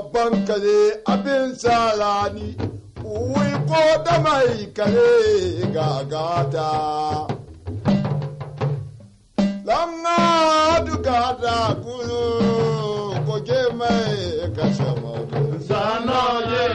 babban kare abin sarani uwi ko da mai kare gagata lamma duka da kuru koke mai kashe mabu sanoye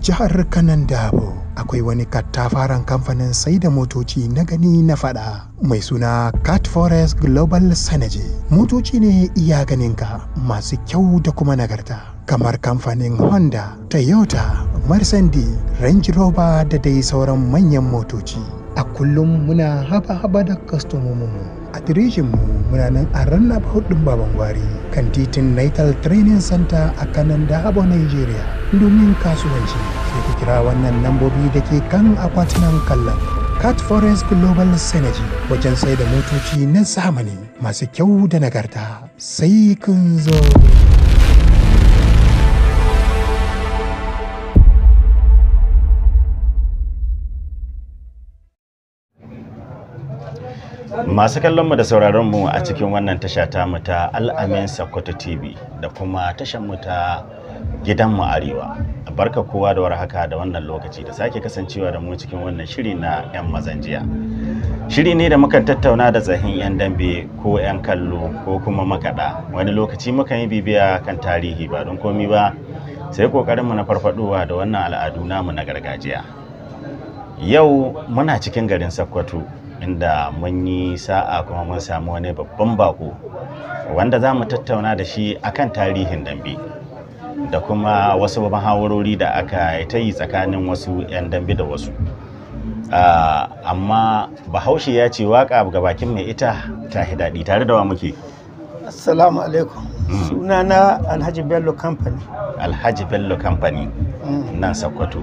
jihar kanan dabo akwai wani kattafaren kamfanin sai da motoci na gani na fada mai suna cat forest global synergy motoci ne iya ganinka masu kyau da kuma nagarta kamar kamfanin honda toyota mercedes range rover da dai sauran manyan motoci a kullum muna haba-haba da kastomominmu a mu muna nan a ranar hudun baban gwari kan titin natal training center a kanan da haba nigeria domin kasuwanci sai ku kira wannan lambobi da ke kan akwatunan kallon cat forest global synergy wajen sai da motoci na zamani masu kyau da nagarta sai kun zo masu kallon mu da sauraron mu a cikin wannan tasha ta mu ta al'amin sakkwato tv da kuma tashan mu ta gidan mu arewa barka kowa da warhaka da wannan lokaci da sake kasancewa da mu cikin wannan shiri na 'yan mazanjiya shiri ne da muka tattauna da tsahin 'yan dambe ko 'yan kallo ko kuma makaɗa wani lokaci muka yi bibiya kan tarihi ba don komi ba sai ƙoƙarinmu na farfaɗowa da wannan al'adu namu na gargajiya yau muna cikin garin sakkwato inda mun yi sa'a kuma mun samu wani babban bako wanda za mu tattauna da shi akan tarihin dambe da kuma wasu mahawarori da aka ta yi tsakanin wasu 'yan dambe da wasu ah, amma bahaushe ya ce waka ga bakin mai ita ta daɗi tare da wa muke assalamu alaikum mm. sunana alhaji bello company alhaji bello company mm. nan sakkwato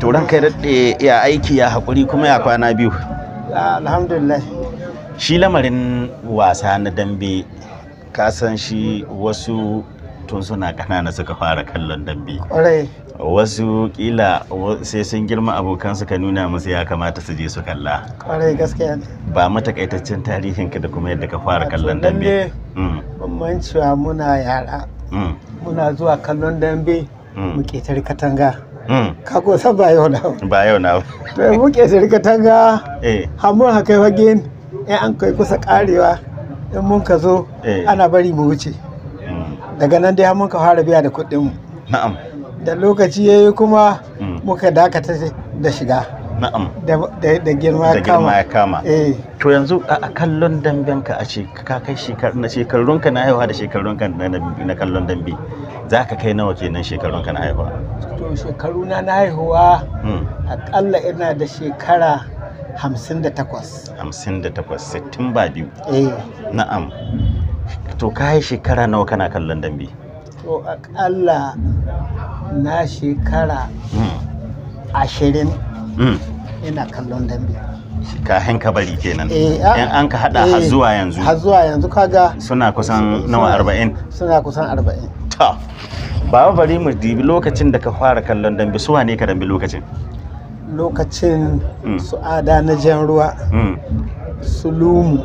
turan kai daɗe ya aiki ya haƙuri kuma ya kwana biyu ah, alhamdulillah shi lamarin wasa na dambe ka san shi wasu tun suna ƙanana suka fara kallon dambe wasu kila sai sun girma abokan suka nuna musu ya kamata su je su kalla gaskiya ne ba matakaitaccen tarihin ka da kuma yadda ka fara kallon dambe mm. cewa muna yara mm. muna zuwa kallon dambe mm. mu ƙetare katanga Kako san ba yau na ba yau na to mu ƙetare katanga eh. hamun haka fagen in an kai kusa karewa in mun ka zo eh. ana bari mu wuce daga nan dai muka fara biya da kuɗin mu na'am da lokaci yayi kuma mm. muka dakata da shiga na'am da girma ya kama Da girma ya kama eh. to yanzu a kallon damben ka a ka kai na shekarun ka na haihuwa da shekarun ka na kallon dambe za ka kai nawa kenan shekarun ka na haihuwa to shekaru na na haihuwa mm. akalla ina da shekara hamsin da takwas. da takwas, sittin ba biyu eh. na'am to ka yi shekara nawa kana kallon dambe to akalla na shekara hmm. ashirin hmm. ina kallon dambe kayan kabari kenan in eh, an ka hada har eh, zuwa yanzu har zuwa yanzu kaga suna kusan nawa arba'in suna kusan arba'in ta baba bari mu dibi lokacin da ka fara kallon dambe suwa ne ka dambe lokacin lokacin hmm. su ada na jan ruwa su lumu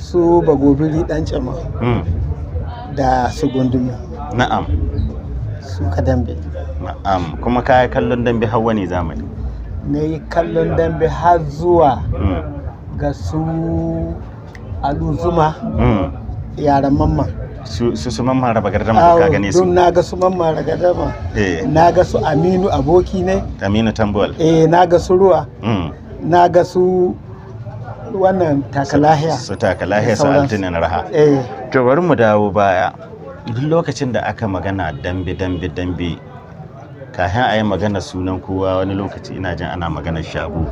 su bagobiri dan cama hmm. da su gundumi na'am su ka dambe na'am kuma ka kallon dambe har wani zamani na yi kallon dambe har zuwa hmm. ga su aluzuma hmm. yaran mamman su su mamman raba gardama ka gane su na ga su mamman raba gardama eh. na ga su aminu aboki ne aminu tambuwal eh na ga su ruwa na ga su wannan takalahiya su takalahiya su altinin raha eh. to bari mu dawo baya duk lokacin da aka magana dambe dambe dambe kafin a yi magana sunan kowa wani lokaci ina jin ana magana shago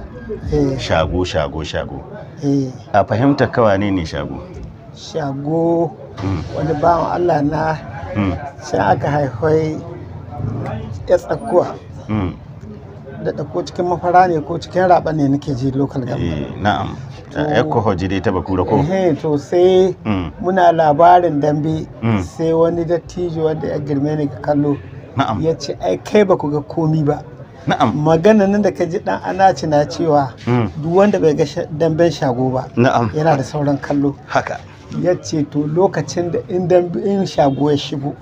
eh. shago shago shago eh. a fahimta kawa ne ne shago shago hmm. wani bawan allah na hmm. sai aka haifai ya tsakuwa hmm. da ko cikin mafara ne ko cikin raba ne nake ji lokal government na'am ekohoji oh. dai ta bakura ko eh to sai mm. muna labarin dambe mm. sai wani dattijo wanda ya girme ni kallo ya ce ai kai ba ku ga komi ba Na'am. Magana nan da ka ji dan anaci na cewa mm. duk wanda bai ga damben shago ba yana da sauran kallo. Haka. Ya to lokacin da in dambe in shago ya shigo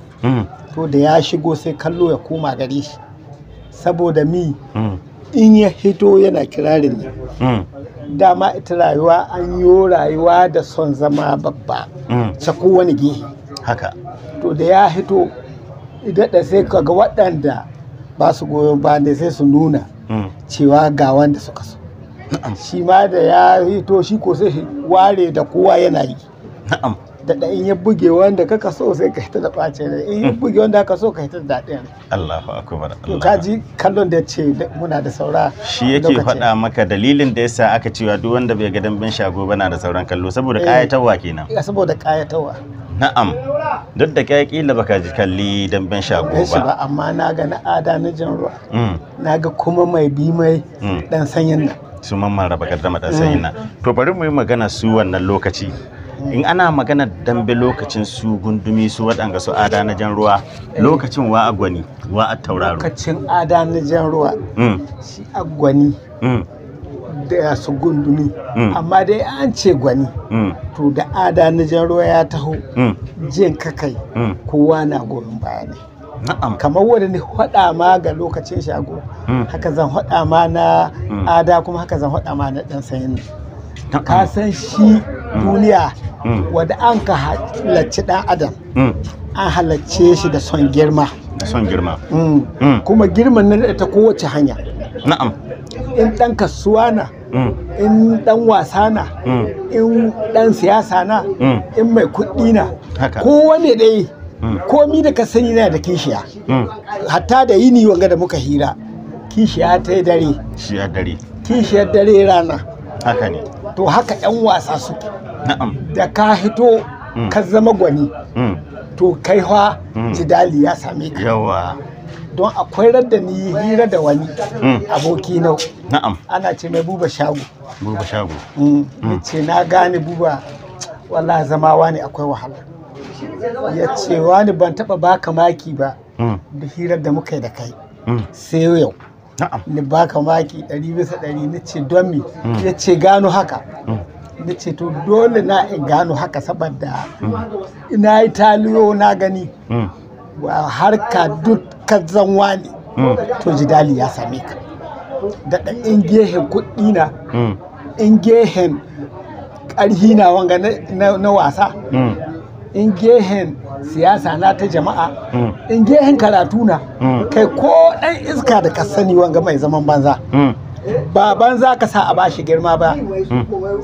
to da ya shigo sai kallo ya koma gare shi. Saboda mi in ya hito yana kirarin ne. dama ita rayuwa an yi rayuwa da son zama babba mm. ta wani gehe haka to da ya hito da sai ka ga waɗanda ba su goyo ba da sai su nuna mm. cewa ga wanda suka so shi ma da ya hito shi ko sai ware da kowa yana yi na'am da in ya buge wanda kaka so sai ka hita da ɓace ne in ya hmm. buge wanda ka so ka hita da daɗin Allahu akbar Allah ka ji kallon da ce muna da saura shi yake faɗa maka dalilin da yasa aka cewa duk wanda bai ga dambin shago bana da sauran kallo saboda eh. ƙayatarwa kenan saboda ƙayatarwa na'am duk da kai kila baka ji kalli dambin shago ba amma na ga na ada na jin ruwa hmm. na ga kuma mai bi mai dan hmm. sanyin nan su mamman raba gardama dan sanyin nan to bari mu yi magana su wannan lokaci in ana maganar dambe lokacin su gundumi su waɗanga su ada na jan ruwa lokacin wa agwani wa a tauraro lokacin ada na jan ruwa hmm. shi agwani hmm. da su gundumi hmm. amma dai an ce gwani to da ada na jan ruwa ya taho jin kakai kowa na goyon baya ne kamar wanda ne hada ma ga lokacin shago haka zan hada ma na ada kuma haka zan hada ma na dan sayin ka san shi duniya mm. wadda an ka halacci dan adam mm. an halacce shi da son girma son girma mm. kuma girman nan ta kowace hanya na'am in dan kasuwa na in dan wasa na in dan siyasa na in mai kuɗi na kowane ɗaya komi da ka sani na da kishiya hatta da yini wanga da muka hira kishiya ta yi dare kishiyar dare rana haka ne to haka yan wasa suke da ka hito mm. ka zama gwani mm. to kai fa mm. jidali ya same ka yawa don akwai radda ni hira da wani aboki na'am ana ce mai buba shago buba shago ce na gane buba wala zama wani akwai wahala ya ce wani ban taba baka maki ba da hirar da muka yi da kai sai yau ni baka maki ɗari bisa ɗari ni ce don me ya ce gano haka na ce to dole na in gano haka saboda ina yi taliyo na gani mm. harka duk zanwa ne mm. to jidali ya same ka da ɗan in gehen kuɗi na mm. in gehen ƙarhi na wanga na wasa in gehen siyasa na ta jama'a in gehen karatu na kai ko ɗan iska da kasani wanga mai zaman banza baban za ka sa a bashi girma ba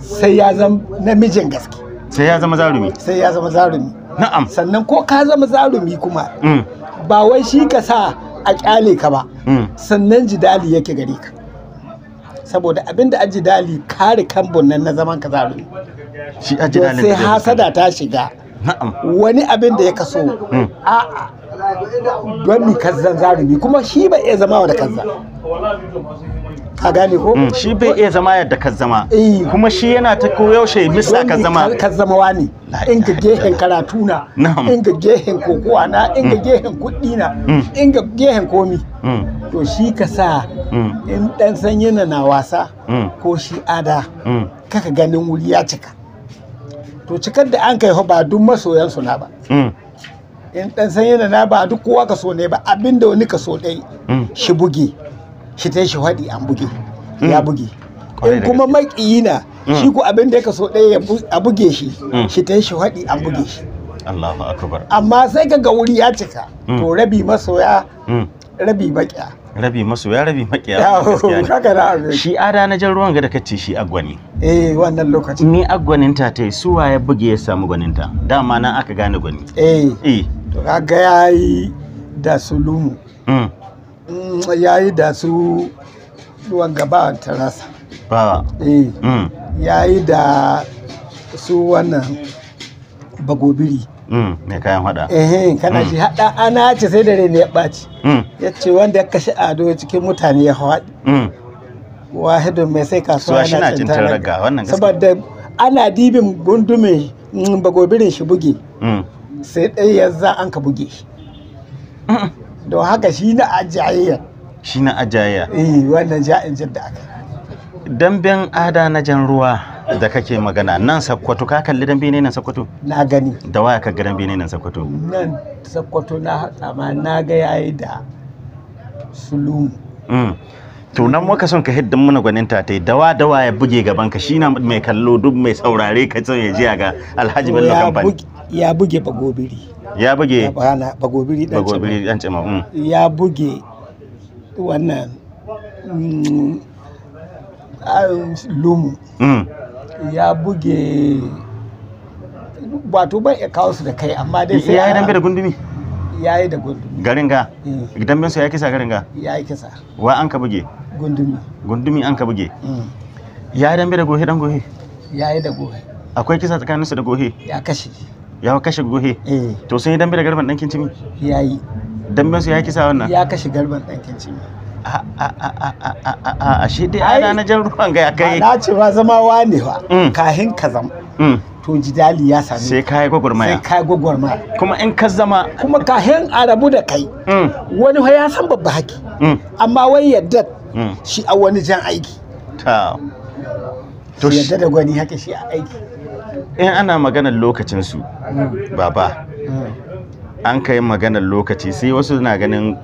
sai ya zama namijin gaske sai ya zama zarumi sai ya zama zarumi na'am sannan ko ka zama zarumi kuma mm. ba wai shi ka sa a kyale ka ba mm. sannan jidali yake gare ka saboda abinda a jidali kare kambun nan na zaman ka zarumi shi a jidali sai hasada ta shiga Na'am. wani abin da ya kaso mm. a don ni kazzan zarumi kuma shi ba iya zama wa da kazza ka gane ko mm. shi bai iya zama yadda ka zama eh. kuma shi yana ta koyaushe misa ka zama ka zama wani in ga gehen karatu na in ga gehen kokowa na in ga mm. gehen kuɗi na mm. in ga gehen komi to shi ka sa in dan san yana na wasa ko shi ada kaka ganin wuri ya cika to cikar da an kai ba duk masoyansu na ba in dan san yana na ba duk kowa ka so ne ba abinda wani ka so dai. shi buge shi ta shi faɗi an buge mm. ya buge in kuma maƙiyi na mm. shi ko abin da ya kaso ɗaya a buge shi mm. shi ta shi faɗi an buge shi Allahu akbar amma sai ka ga wuri ya cika to rabi masoya rabi baƙiya rabi masoya rabi maƙiya shi ada na jan ruwan ga da kace shi agwani eh wannan lokacin ni agwanin ta suwa ya buge ya samu gwanin ta dama nan aka gane gwani eh eh to kaga yayi da sulumu Mm, ya yi da su wanga ba tarasa eh, ba mm. ya yi da su wannan bagobiri mai mm, kayan hada ehe kana shi hada ana ce sai da rene ya ɓaci ya ce wanda ya kashe ado cikin mutane ya haɗi wahidun mai sai kasuwa yana cin taraga wannan saboda ana dibin gundumin bagobirin shi buge sai ɗaya ya za an ka buge don haka shi na ajayayya shi na ajayayya eh wannan ja'in da aka damben ada na jan ruwa da kake magana nan sakkwato ka kalli dambe ne nan sakkwato na gani da waya ka ga dambe ne nan sakkwato nan sakkwato na hada ma na ga yayi da mm. to nan muka son ka hiddan mana gwanin ta tai dawa dawa ya buge gaban ka shi na mai kallo duk mai saurare ka son ya ji ga alhaji bello kamfani ya buge bagobiri ya buge bagobiri dan bagobiri cima mm. ya buge wannan mm, ah, lumu mm. ya buge wato ban ya kawo su da kai amma dai sai ya yi dambe da gundumi ya yi da gundumi garin ga eh. dambe su ya kisa garin ga ya yi kisa wa an ka buge gundumi gundumi an ka buge ya yi dambe da gohe dan gohe ya yi da gohe akwai kisa tsakanin su da gohe ya kashe ya kashe gohe eh. to sun yi dambe da garban ɗankin cimi ya yi dambe su ya kisa wannan ya kashe garban ɗankin cimi a shi dai ana na jan ruwan ga ya kai na ce ba zama wane ba mm. kahin ka zama mm. to jidali ya sami sai kai gwagwarmaya sai kai gwagwarmaya kuma in ka zama kuma kahin a rabu da kai mm. wani ya san babba haki amma wai yadda shi a wani jan aiki to yadda da gwani haka shi a aiki in ana maganar lokacinsu baba hmm. an kai maganar lokaci sai wasu na ganin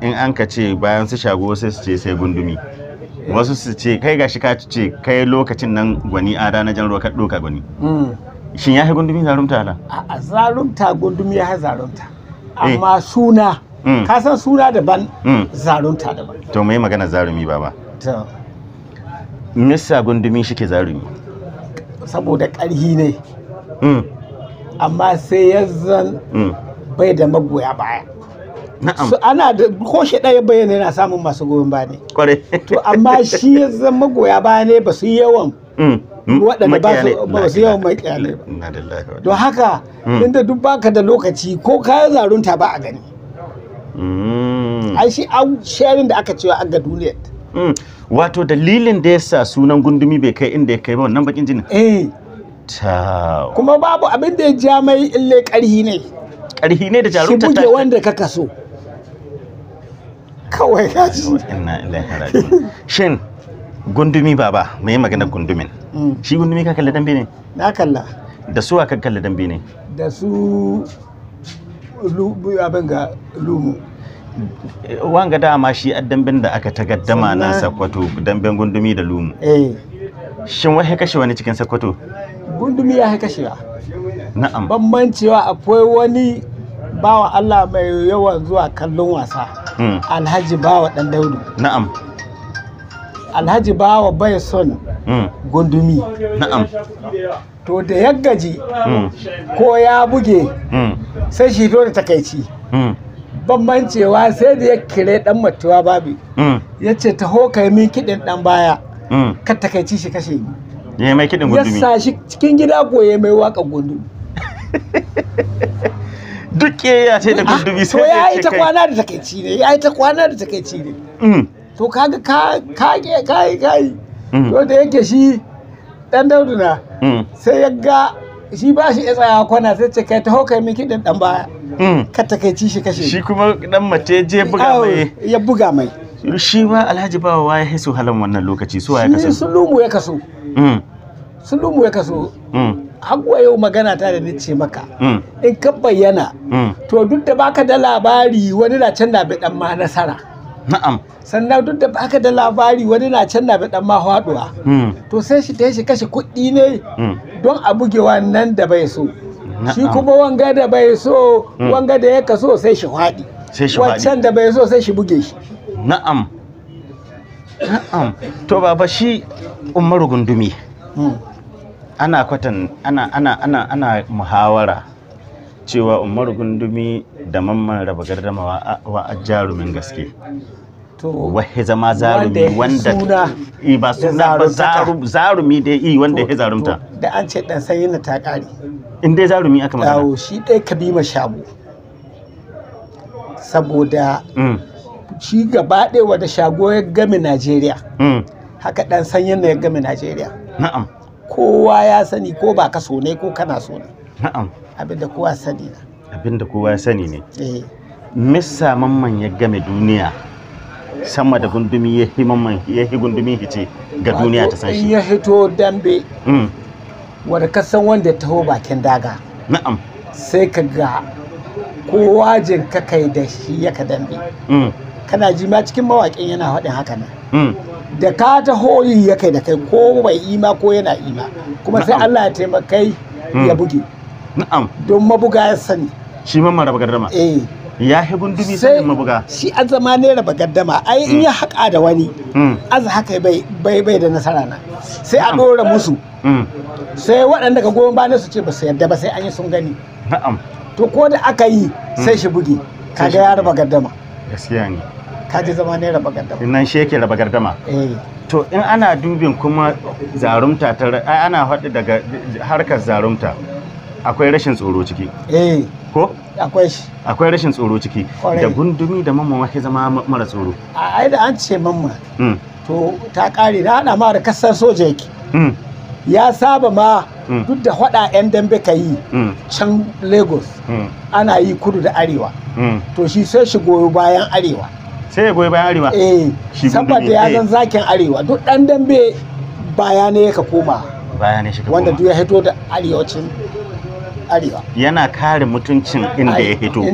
in an ka ce bayan su shago sai su ce sai gundumi hmm. wasu su ce kai gashi ka ce kai lokacin nan gwani ada na jan ruwa ka doka gwani hmm. shin ya gundumi zarumta ala a zarumta gundumi ya zarumta eh. amma suna ka san suna daban zarumta daban to mai magana zarumi baba to mista gundumi shike zarumi saboda ƙarhi ne hmm. amma sai ya zan hmm. bai da magoya baya su ana da koshe ɗaya bayyana yana samun masu goyon baya ne. To amma shi ya zan magoya baya ne ba su yawan hmm. waɗanda ba su yawan makiyale ba. Don haka inda duk baka da lokaci ko kayan zarunta ba a gani. an shi an sharing da aka cewa an ga duniyar. Mm. wato dalilin da yasa sunan gundumi bai kai inda ya kai ba wannan bakin jinin eh kuma babu abin da ya ja mai ille karhi ne karhi ne da jarumta ta shi wanda ka kaso kawai ka ji inna ilaihi shin gundumi baba mai magana gundumin mm. shi gundumi ka kalla dambe ne na kalla da su ka kalla dambe ne da su abin ga lumu wanga dama shi damben da aka gaddama na sakwato damben gundumi da lumu eh shin wai kashe wani cikin sakwato gundumi ya kashe ya na'am cewa akwai wani bawa Allah mai yawan zuwa kallon wasa hmm. alhaji bawa dan daudu na'am alhaji bawa bai son hmm. gundumi na'am to da ya gaji hmm. ko ya buge sai shi da takaici ban mancewa sai da ya kire dan matuwa babi mm. ya ce taho kai min kiɗin dan baya mm. ka takaici shi kashe ni ya mai kiɗin gundumi ya shi cikin gida ko ya mai waka gundumi duk ke ya ce da gundumi ah, sai ya yi ta kwana da takaici ne ya yi ta kwana da takaici ne mm. to kaga ka ka ka kai. to da yake shi dan dauduna sai ya ga shi ba shi ya tsaya kwana sai ce kai hau kai miki dan baya hmm. ka takaici shi kashe shi kuma dan mace je buga mai ya buga mai shi ma alhaji bawa ya hisu halin wannan lokaci su ya kaso sun lumu ya kaso hmm. sun lumu ya kaso hmm. hakuwa yau magana ta da nace maka in ka bayyana to duk da baka da labari wani na can na bi dan ma nasara na'am sannan duk da baka da labari wani na can na dan ma haduwa hmm. to sai shi ta shi kashe kuɗi ne hmm. don a buge wannan da bai so shi kuma wanga da bai so hmm. wanga da ya kaso sai shi haɗi wancan da bai so sai shi buge shi na'am na'am to baba shi umaru gundumi ana kwatan ana ana ana ana muhawara cewa umaru gundumi da mamman raba gardama wa jarumin gaske wahe zama zarumi wanda ba suna ba zarumi da yi wanda ya zarumta da an ce dan sanyi na ta kare in dai zarumi aka magana yawo shi dai kabima shabu saboda mm. shi gaba ɗaya wanda shago ya game Najeriya mm. haka dan sanyi na ya game Najeriya na'am kowa ya sani ko ba ka so ne ko kana so ne na'am abinda kowa sani na abinda kowa ya sani ne eh Mr. Mamman ya game duniya sama da gundumi ya yi mamman ya yi gundumi hice ga duniya ta san shi ya hito dambe mm. wanda ka san wanda ya taho bakin daga na'am sai ka ga kowa jin ka kai da shi ya ka dambe mm. kana ji ma cikin mawaƙin yana fadin haka nan mm. da ka taho yi ya kai da kai ko bai ima ko yana ima kuma sai Allah ya taimakai ya buge na'am don mabuga ya sani shi ma rabagardama eh ya hi gundumi sai mabuga shi an zama naira bagaddama ai in ya mm. haƙa da wani mm. az haka bai bai bai da nasara na sai a dora musu mm. sai waɗanda ka goma bayan su ce ba su yarda ba sai an yi sun gani na'am to ko da aka yi sai shi bugi kaga ya raba gardama gaskiya ne kaje zama ne raba in nan shi yake raba gardama eh to in ana dubin kuma zarumta ta ana haɗu daga harkar zarumta akwai rashin tsoro ciki eh ko akwai shi akwai rashin tsoro ciki da gundumi da mamma wake zama mara tsoro a ai da an ce mamma mm. to ta kare na hada ma da kasar soja yake mm. ya saba ma mm. duk da hada yan dambe ka yi can lagos ana yi kudu da arewa to shi sai shi goyo bayan arewa sai ya goyi bayan arewa eh saboda ya eh. zan zakin arewa duk dan dambe baya ne ka koma baya ne shi ka koma wanda duk ya hito da arewacin arewa yana kare mutuncin inda ya hito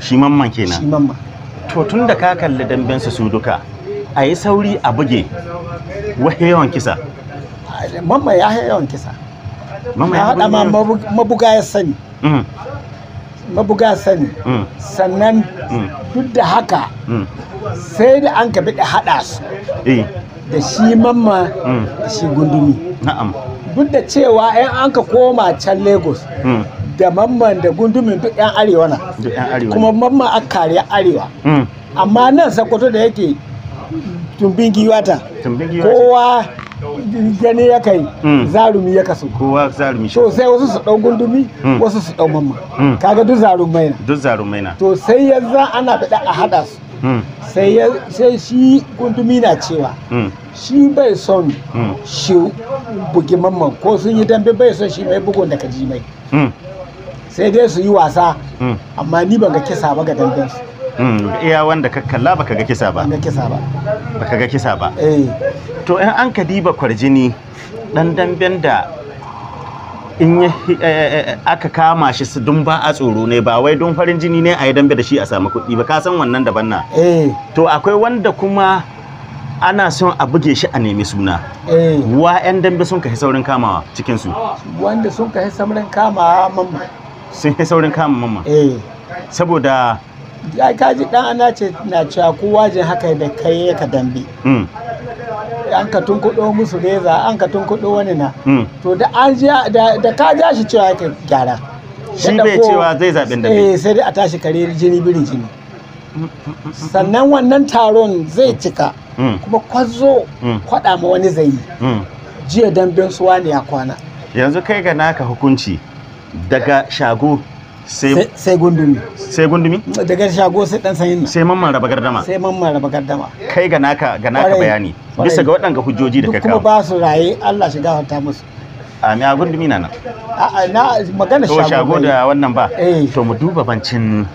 shi mamman kenan shi to tun da ka kalli damben su duka a yi sauri a buge wahe yawan kisa mamman ya yawan kisa mamman ya haɗa ma mabuga ya sani mm. mabuga sani mm. sannan mm. duk da haka sai da an ka da haɗa su eh. da shi mamma da shi gundumi na'am duk da cewa yan an ka koma can lagos hmm. da mamman da gundumin duk yan arewa na kuma mamman a kariya arewa hmm. amma nan sakoto da yake tumbin giwata kowa gani ya kai hmm. zarumi ya kasu kowa zarumi to sai wasu su dau gundumi wasu su dau mamma kaga duk zarumai na duk zarumai na to sai yanzu ana fada a hada su Hmm. sai shi gundumi na cewa hmm. shi bai son hmm. shi bugi mamman ko sun yi dambe bai son shi mai bugun da kaji mai sai dai su yi wasa amma ni ban ga kisa ba ga damben su iya wanda ka kalla baka ga kisa ba ga kisa ba baka ga kisa ba eh. to in an ka diba kwarjini dan damben da in eh, eh, eh, aka kama shi su dumba a tsoro ne ba wai don farin jini ne a yi dambe da shi a samu kuɗi ba ka san wannan daban na to akwai wanda kuma ana son a buge shi a nemi suna wa 'yan dambe sun kai saurin kamawa cikin su wanda sun kai saurin kamawa mamma sun kai saurin kama mamma saboda ya kaji dan ana ce na cewa kowa jin haka da kai ka dambe mm. an ka tunkuɗo musu reza an ka tunkuɗo wani na hmm. to da an da ka ja shi cewa ka gyara shi bai cewa zai zaɓin da bai eh, sai dai a tashi kare jini birin jini sannan wannan taron zai hmm. cika hmm. kuma kwazo kwaɗa ma wani zai yi jiya dambin suwa ne ya kwana yanzu kai ga naka hukunci daga shago sai gundumi sai gundumi daga shago sai dan sanyin sai mamman raba gardama sai mamman raba gardama kai ga naka ga naka bayani bisa ga waɗanga hujjoji da ka kawo kuma ba su raye Allah shiga gafarta musu a me gundumi na nan a na magana shago to shago da wannan ba eh. to mu duba bancin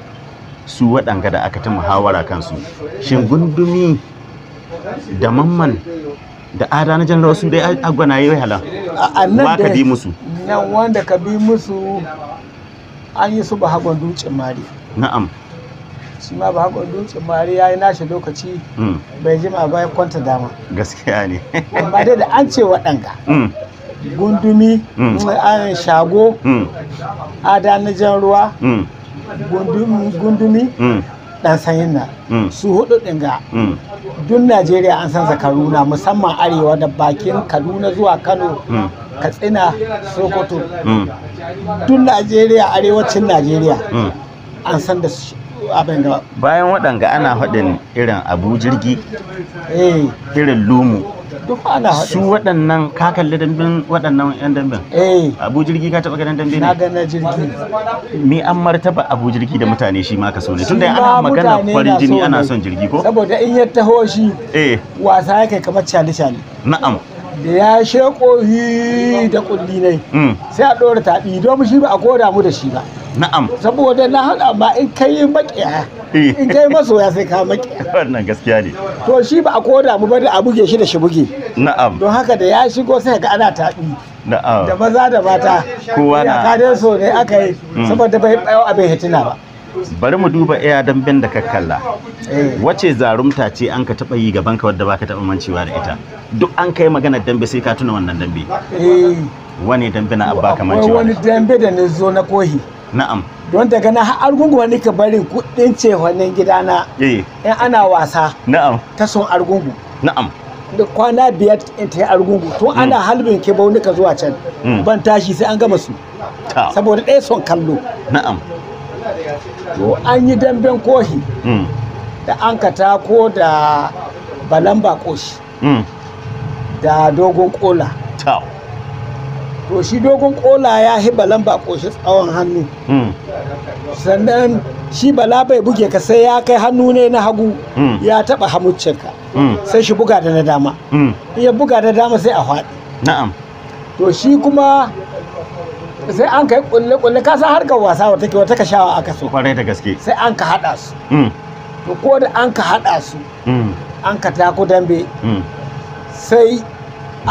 su waɗanga da aka ta muhawara kansu shin gundumi da mamman da ada na janar su dai agwana yi halan a nan da ka bi musu nan wanda ka bi musu an yi su ba hagon dutsen mari na'am shi ma ba dutsen mari ya yi nashi lokaci mm. bai jima ma kwanta dama gaskiya ne amma dai da an ce waɗanga mm. gundumi mm. ayin shago ada na jan ruwa gundumi dan sanyin na su hudu din ga duk najeriya an san zakaruna musamman arewa da bakin kaduna zuwa kano katsina sokoto hmm. duk najeriya arewacin najeriya hmm. an san da abin da bayan waɗanga ana haɗin irin abu jirgi eh. irin lumu su waɗannan ka kalli dambin waɗannan yan dambin eh. abu jirgi ka taɓa ganin dambe ne na gana jirgi me an martaba abu jirgi da mutane shi ma ka so ne tunda ana magana farin jini ana son jirgi ko saboda in ya taho shi eh. wasa yake kamar cali cali na'am da ya sheko hi da kulli ne hmm. sai a ɗora taɓi don shi ba a koda mu da shi ba na'am saboda na hada ba in kai yi eh. in kai masoya sai ka makiya wannan gaskiya ne to shi ba a koda mu ba da a buge shi da shi buge na'am don haka da ya shigo sai ga ana taɓi na'am da maza da mata kowa na kadan so ne aka yi hmm. saboda bai abin hitina ba bari mu duba iya damben da kakkalla eh. wace zarumta ce an ka taba yi gaban ka wadda baka taba mancewa da ita duk an kai magana dambe sai ka tuna wannan dambe eh. wani dambe na abba ka mancewa wani dambe da na zo na kohi na'am don daga na har argungu wani ka bari kudin cehonin gidana eh. in ana wasa na'am ta son argungu na'am da kwana biyar in ta yi argungu to mm. ana halbin ke ka zuwa can mm. ban tashi sai an gama su saboda ɗaya son kallo na'am to an yi damben kohi mm. da an ko da balan bakoshi. Mm. da dogon kola to shi dogon kola ya hi balan bakoshi tsawon hannu mm. sannan shi bala bai buge ka sai ya kai hannu ne na hagu ya taba hamuccinka sai shi buga da na dama ya buga da dama sai a faɗi na'am to shi kuma sai an kai kulle kulle ka san harkar wasa wata ke wata kashawa aka so kwarai da gaske sai an ka hada su mm. to ko da an ka hada su mm. an ka tako dambe mm. sai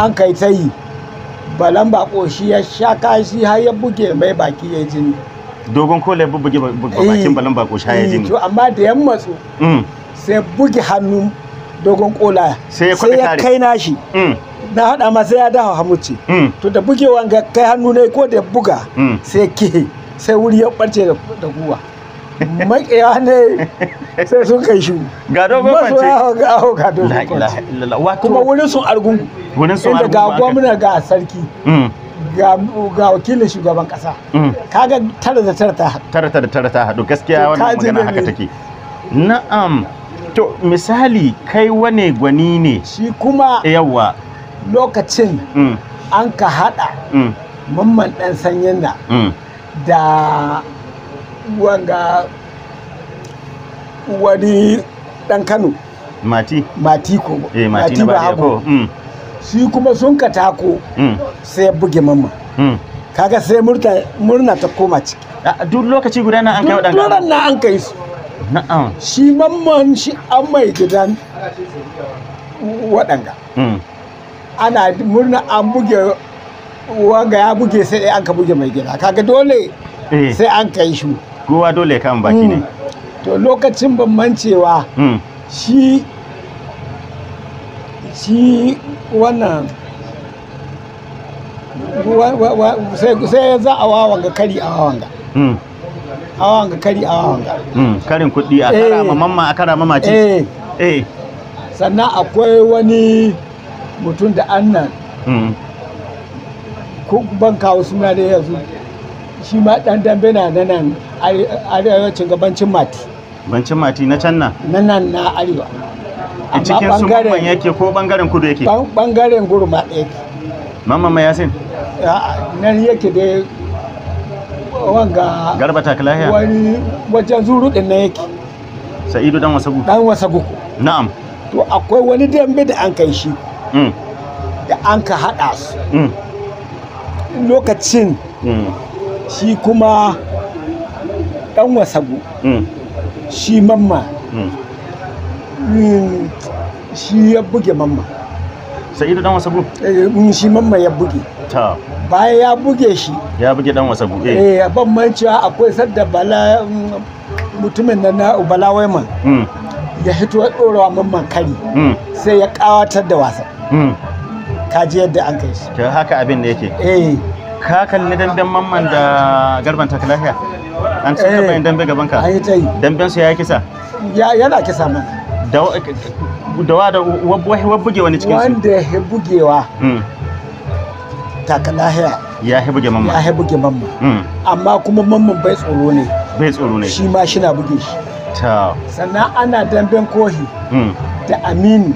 an kai ta yi balan bako shi ya sha kashi har ya buge mai baki ya jini dogon kola ya buge eh. bakin balan bako shi ya eh, jini to amma da yan matsu sai buge hannun dogon kola sai ya kai nashi na haɗa ma sai ya dawo hamuci hmm. to da bugewan ga kai hannu ne ko da buga hmm. sai ke sai wuri ya barce da guwa makiya ne sai sun kai shi ga dogon kwance maso yawo ga aho ga dogon kwance kuma wurin sun argungu wurin sun argungu ga gwamna ga sarki hmm. ga wakilin shugaban kasa kaga tara da tara ta haɗu tara da tara ta haɗu gaskiya wannan magana haka take na'am to misali kai wane gwani ne shi kuma yawa lokacin mm. an ka haɗa mm. mamman ɗan sanyin mm. da wanga wani ɗan kano mati mati ko eh, mati, ba hago shi kuma sun ka tako sai ya buge mamma kaga sai murna ta koma ciki duk lokaci guda na an kai waɗanda duk na an kai su shi mamman shi an mai gidan waɗanga ana murna an buge wanga ya buge sai an ka buge mai gida kaga dole eh. sai an kai shi kowa dole kan baki ne mm. to lokacin bambancewa mm. shi shi wannan sai za a wawanga kari a wawanga mm. a wawanga kari a wawanga karin kuɗi a kara eh. mamma a kara mamaci eh. sannan akwai wani mutum da annan hmm. ko ban kawo suna da yanzu shi ma dan dambe na nan arewacin gabancin mati bancin mati na can nan Na nan na arewa a cikin sun mamman yake ko bangaren kudu yake bangaren gurma ma yake mamman mai yasin nan yake da wanga garba takalahiya wani wajen zuru din na yake sa'idu dan wasagu dan wasagu na'am to akwai wani dambe da an kai shi Mm. da an ka haɗa su mm. lokacin mm. shi kuma ɗan wasagu shi mamma shi ya buge mamma da dan wasagu eh, shi mamma ya buge bayan ya buge shi ya buge dan wasagu eh, eh ban mancewa akwai sadda bala mutumin nan na bala waiman ya hito ya ɗora mamman kari sai ya ƙawatar da wasan Hmm. ka ji yadda an kai shi to haka abin da yake eh ka kalli dandan mamman da garban ta lafiya an ci ka bayan eh. dambe gaban ka ai tai yi damben su ya kisa yana kisa mana da wa da wabbuge wani cikin su wanda ya bugewa hmm. ta lahiya ya hebuge buge mamma ya hebuge buge mamma hmm. amma kuma mamman bai tsoro ne bai tsoro ne shi ma shi na buge shi ta sannan ana damben kohi da aminu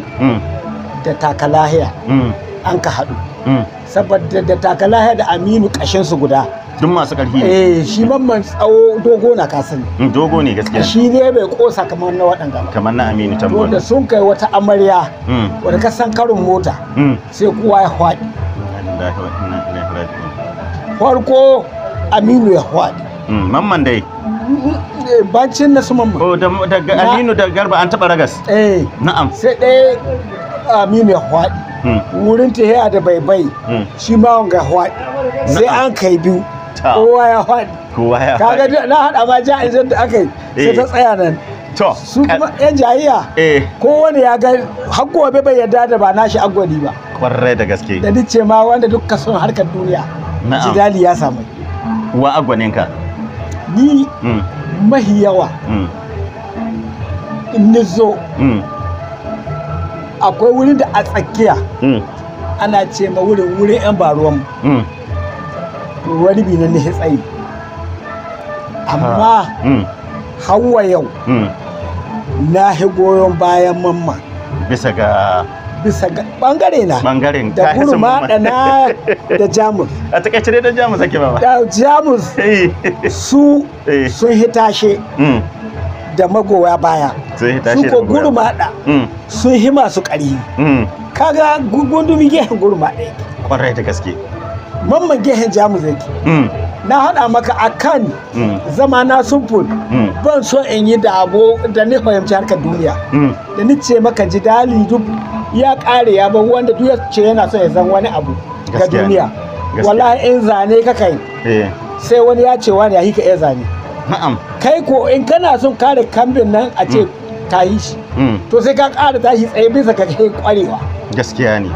da takalahiya mm. an ka haɗu mm. saboda da takalahiya da aminu ƙashinsu guda duk masu ƙarfi ne eh shi mamman tsawo dogo na sani. Mm, dogo ne gaskiya shi ne bai kosa kamar na waɗanda kamar na aminu tambo da sun kai wata amarya wadda ka san karin mota sai kowa ya faɗi farko aminu ya faɗi mamman dai eh, bancin na su mamman oh da aminu da garba an taɓa ragas eh na'am sai ɗaya aminu ya hwaɗi hmm. wurin ta yaya da baibai hmm. shi ma wanga hwaɗi sai an kai biyu kowa ya hwaɗi kaga na haɗa ma ja'izar da aka yi sai ta eh. tsaya nan to su kuma yan jahiya eh. kowane ya ga hakkowa bai yarda da ba nashi agwadi ba kwarai da gaske da duk ce ma wanda duk ka son harkar duniya jidali ya samu wa agwaninka ni hmm. mahi yawa in ni zo akwai wurin da a tsakiya hmm. ana ce ma wurin wurin yan baruwan hmm. wani bi na tsayi amma ah. hmm. hawa yau na hi goyon bayan mamma bisa ga bisa ga bangare na bangare da ma da na da jamus a takaice dai da jamus ake ba da jamus eh. su eh. sun hitashe da magowa baya su ko gurmaɗa mm. sun hi masu ƙari mm. kaga gundumin gehen gurmaɗa kwarai da gaske mamman gehen jamus yake mm. na haɗa maka kan zama na sunfun ban so in yi dabo da ni fahimci harkar duniya da ni ce maka ji dali duk ya ƙare ya bar wanda duk ya ce yana so ya zan wani abu ga duniya wallahi in zane ka kai eh. sai wani ya ce wani ya hika ya zane kai ko in kana son kare kambin nan a ce mm. ta yi shi mm. to sai ka kara tashi tsaye bisa ka kai kwarewa gaskiya ne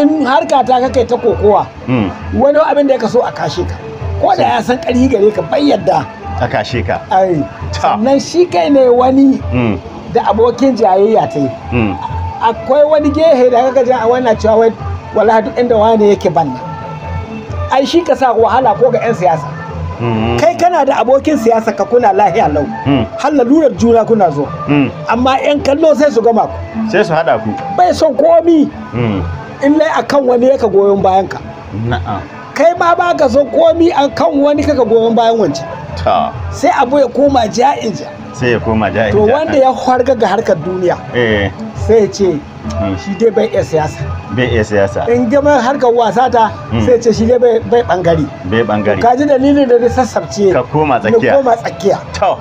in harka ta ka kai ta kokowa mm. wani abin da ya kaso a kashe ka ko da ya san ƙarfi gare ka bai yadda a kashe ka ai sannan shi kai ne wani da abokin jayayya ta yi akwai wani gehe da kaka ji a wannan cewa wai wallahi duk inda wani yake banna ai shi ka sa wahala ko ga 'yan siyasa Mm-hmm. kai kana da abokin siyasa ka kuna lahiya lau mm. har lalurar juna kuna zuwa mm. amma yan kallo sai su gama ku sai su hada ku bai son komi mm. in lai akan wani yaka goyon bayan ka kai ma ba ka son komi akan wani kaka goyon bayan wancan sai abu ya koma ja'in ja sai ya koma ja'in ja to wanda ya harga ga harkar duniya eh. sai ce hmm. shi dai bai iya siyasa bai iya siyasa in gama harkar wasa ta hmm. sai ce shi dai bai bangare bai bangare ka ji dalilin da na sassabce ka koma tsakiya ka koma tsakiya to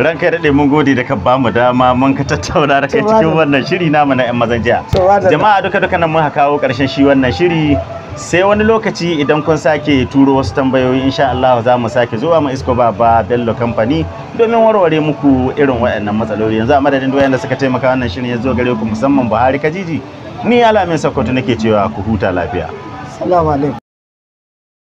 ranka ya daɗe mun gode da ka bamu dama mun ka tattauna da kai cikin wannan shiri namu na 'yan mazan jiya jama'a duka duka nan mun kawo karshen shi wannan shiri sai wani lokaci idan kun sake turo wasu tambayoyi insha Allah za mu sake zuwa mu isko baba Bello Company domin warware muku irin waɗannan matsaloli yanzu a madadin doyen da suka taimaka wannan shirin ya zo gare ku musamman Buhari Kajiji ni Alamin Sokoto nake cewa ku huta lafiya. Assalamu alaikum.